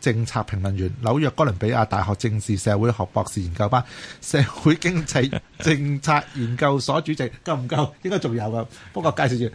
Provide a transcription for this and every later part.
政策評論員、紐約哥倫比亞大學政治社會學博士研究班、社會經濟政策研究所主席。夠唔夠？應該仲有㗎，不過介紹住。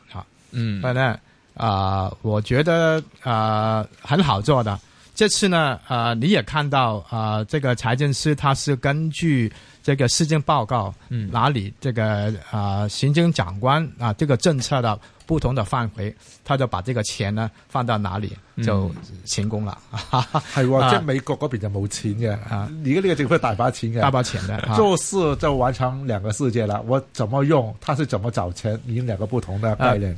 嗯，反正啊，我覺得啊、呃、很好做的。這次呢，呃，你也看到啊、呃，這個財政司他是根據這個施政報告，嗯，哪裡這個啊、呃、行政長官啊、呃、這個政策的不同的範圍，他就把這個錢呢放到哪裡就成功了。哈、嗯、哈，係、 哎，即美國嗰邊就冇錢嘅、啊，而家呢個政府大把錢嘅， 大把錢嘅、啊，做事就完成兩個世界啦。我怎麼用，他是怎麼找錢，已經兩個不同的概念。嗯